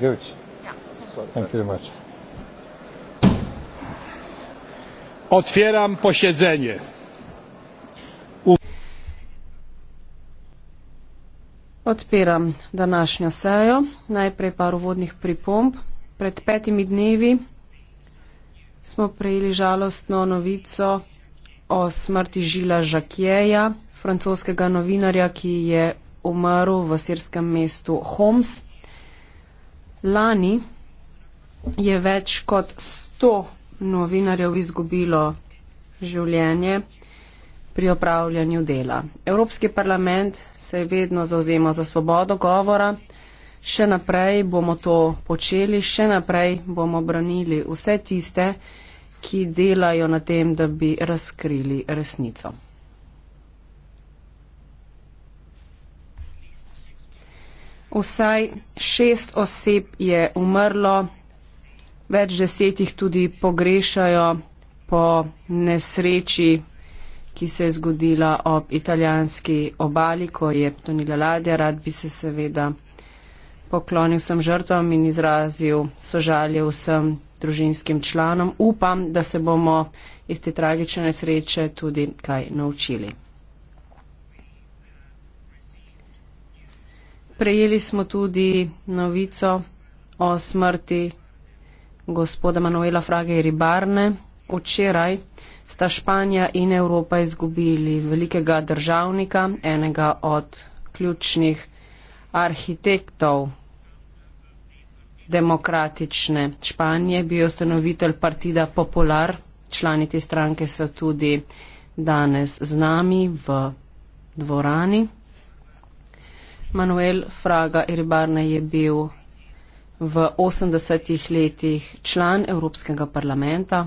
Good. Thank you very much. Otwieram posiedzenie. Odpiram današnjo sejo. Najprej par uvodnih pripomb. Pred petimi dnevi smo prejeli žalostno novico o smrti Žila Žakjeja, francoskega novinarja, ki je umrl v sirskem mestu Homs. Lani je več kot 100 novinarjev izgubilo življenje pri opravljanju dela. Evropski parlament se je vedno zauzemal za svobodo govora. Še naprej bomo to počeli, še naprej bomo branili vse tiste, ki delajo na tem, da bi razkrili resnico. Vsaj šest oseb je umrlo, več desetih tudi pogrešajo po nesreči, ki se je zgodila ob italijanski obali, ko je tonila ladja. Rad bi se seveda poklonil vsem žrtvam in izrazil sožalje vsem družinskim članom. Upam, da se bomo iz te tragične nesreče tudi kaj naučili. prejeli smo tudi novico o smrti gospoda Manuela Frage Ribarne. Včeraj sta Španija in Evropa izgubili velikega državnika, enega od ključnih arhitektov demokratične Španije, bil ustanovitelj Partida Popular, člani te stranke so tudi danes z nami v dvorani. Manuel Fraga Iribarne je bil v 80-ih letih član Evropskega parlamenta.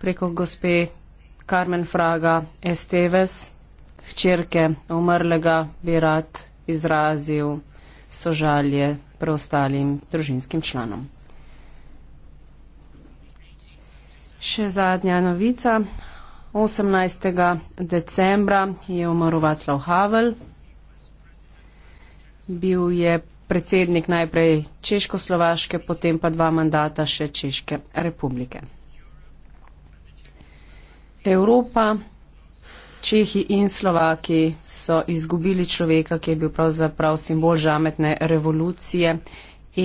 Preko gospe Carmen Fraga Esteves, hčerke umrlega, bi rad izrazil sožalje preostalim družinskim članom. Še zadnja novica. 18. decembra je umrl Václav Havel. Bil je predsednik najprej Češko-Slovaške, potem pa dva mandata še Češke republike. Evropa, Čehi in Slovaki so izgubili človeka, ki je bil pravzaprav simbol žametne revolucije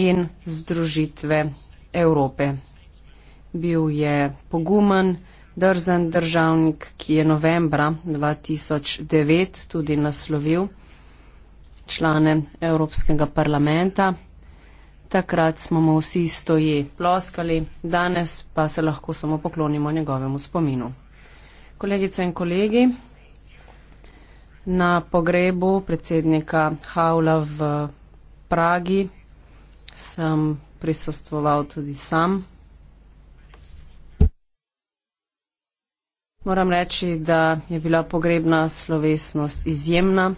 in združitve Evrope Bil je pogumen, drzen državnik, ki je novembra 2009 tudi naslovil člane Evropskega parlamenta. Takrat smo mu vsi stoji ploskali, danes pa se lahko samo poklonimo njegovemu spominu. Kolegice in kolegi, na pogrebu predsednika Havla v Pragi sem prisostoval tudi sam. Moram reči, da je bila pogrebna slovesnost izjemna.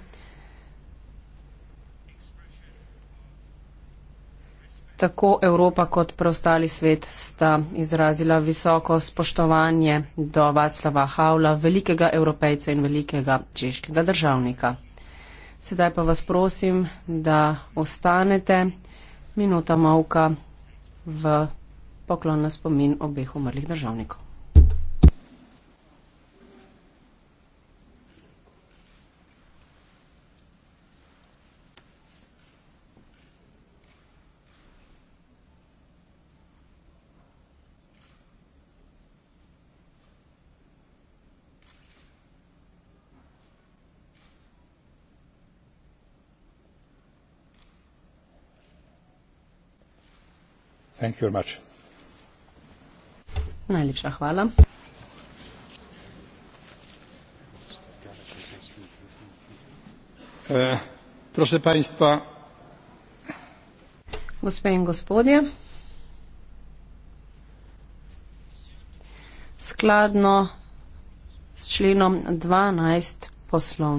Tako Evropa kot preostali svet sta izrazila visoko spoštovanje do Vaclava Havla, velikega evropejca in velikega češkega državnika. Sedaj pa vas prosim, da ostanete minuta mavka v poklon na spomin obeh umrlih državnikov. Thank you much. Najlepša hvala. E, proszę państwa. Gospe in gospodje. Skladno s členom 12 poslovnika.